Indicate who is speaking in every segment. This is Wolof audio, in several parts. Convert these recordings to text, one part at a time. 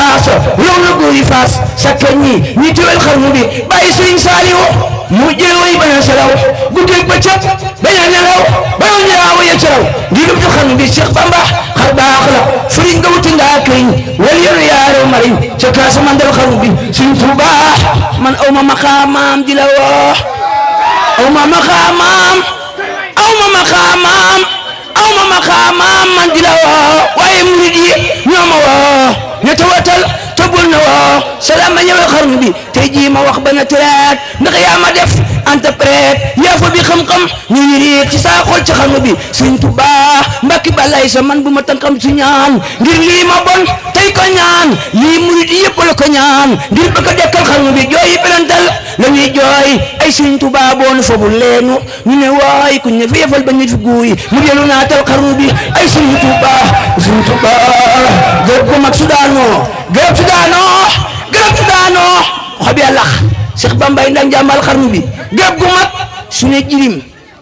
Speaker 1: raasa yow la góor yi faas sakkan ñi ñi tiwel xarnu bi bàyyi sëriñ Saaliwu mu jël way bañ a selaw guddeeg ba cëpp bañ a nelaw bañoo ñëwaa way a ceraw ngir dum xarnu bi Cheikh Bamba xar baax la sëriñ nga wuti ngaa këriñ wal yoru yaarew mariñ ca kaasa man dal xarnu bi suñ Tuubaa man aw ma maqaamaam di la aw ma maqaamaam salaam a ñëwee xarnu bi te jii ma wax ba na tiraat ndax yaa ma def interprète yaa fa bi xam-xam ñu yiriit ci saa xool ci xarnu bi sëñ Tuba mbàkki balay sa man bu ma tànkam su ñaan ngir lii ma bon tey ka ñaan lii murid yëpp la ko ñaan ngir ba ko dekkal xarnu bi jooyi perantal la ñuy jooy ay sëñ Tuba boonu foofu leenu ñu ne waay ku ñu fi yefal ba ñu fi guuy mu delu naatal xarnu bi ay sëñ Tuba sëñ Tuba mag su daanoo garab noox xob ya lax Cheikh Bambay ndang jàmbal xarnu bi géeb gu mag su ne jirim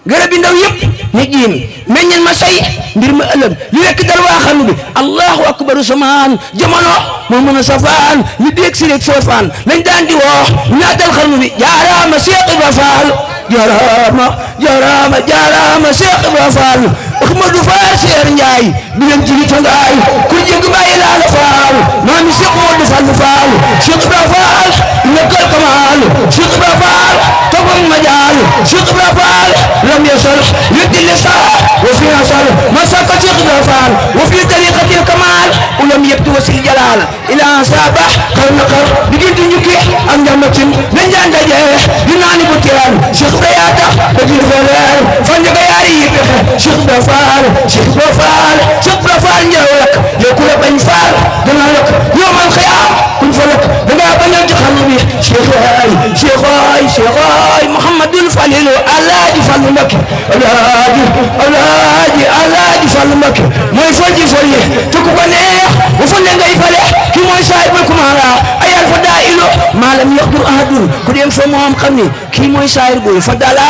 Speaker 1: gërëb bi ndaw yëpp ne jirim meññeen ma say mbir ma ëllëm li rekk dal waa xarnu bi allahu akbaru samaan jamono moo mën a safaan li déeg si réeg soofaan lañ daan di woox ñaa dal xarnu bi jaaraama Cheikh Ibra Fall jaaraama jaaraama jaaraama Cheikh Ibra Fall Ahmadou Fall Cheikh Ndiaye bilen jigi to ngaay kur jëg bàyyi laa la faal maami Cheikh Modou Fall Fall Cheikh Cheikh Ibra Fall lam yasal yuddi lisan wa fi asal masaka Cheikh Ibra Fall wa fi tariqati al-kamal ulam yabtu wasil jalal ila sabah xar na xar diggante njukki ak njàmbatin nañ daan daje di naan bu teel Cheikh Ibra yaa tax ba jël fa leer fan nga yaari yi pexe Cheikh Ibra Fall Cheikh Ibra Fall Cheikh Ibra Fall njëriñ lak yow ku la bañ faal dana lak yowmal xiyaam kuñ fa lak da ngaa bañ a joxal bi Cheikh waay Cheikh waay Cheikh waay Muhammadul Falilu Alaaji Fallu Mbakke Alaaji a Alaaji Fallu Mbakke mooy folji folye te ku ko neex bu folle ngay fale ki mooy saahibul a ayal la daa ilo maalam yaqdur ahadun ku dem fa moo am xam ni kii mooy saahir bul fa dala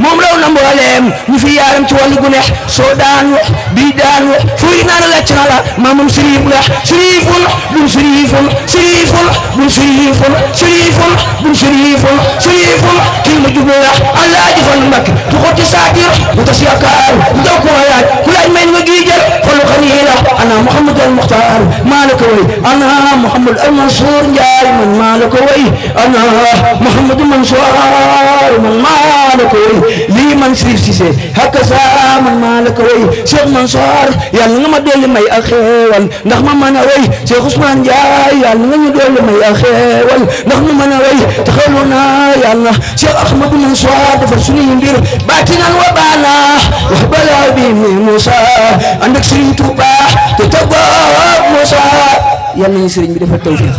Speaker 1: moom raw na mbooleem ñu fi yaaram ci wàllu gu neex soo daan wax bii daan wax fuy naan lacc na la maamam siriif la siriifun bun siriifun siriifun bun siriifun siriifun bun siriifun siriifun mu jublu wax allah aji fan mbakki du xotti saakir mu tas yaakaar mu daw ko yaaj Mansour Ndiaye man maa la ko way ana Mouhamadou Mansour man maa la ko way lii man Sirif Cissé hakka saa man maa la ko way Cheikh Mansour yàlla nga ma dolli may ak xeewal ndax ma mën a way Cheikh Ousmane Ndiaye yàlla nga ñu dolli may ak xeewal ndax ma mën a way taxalu naa yàlla Cheikh Ahmadou Mansour dafa suñuy mbir baatinan wa baana wax balaa bi mi Moussa ànd ak Serigne Touba yal nañu sëriñ bi defal tawfeex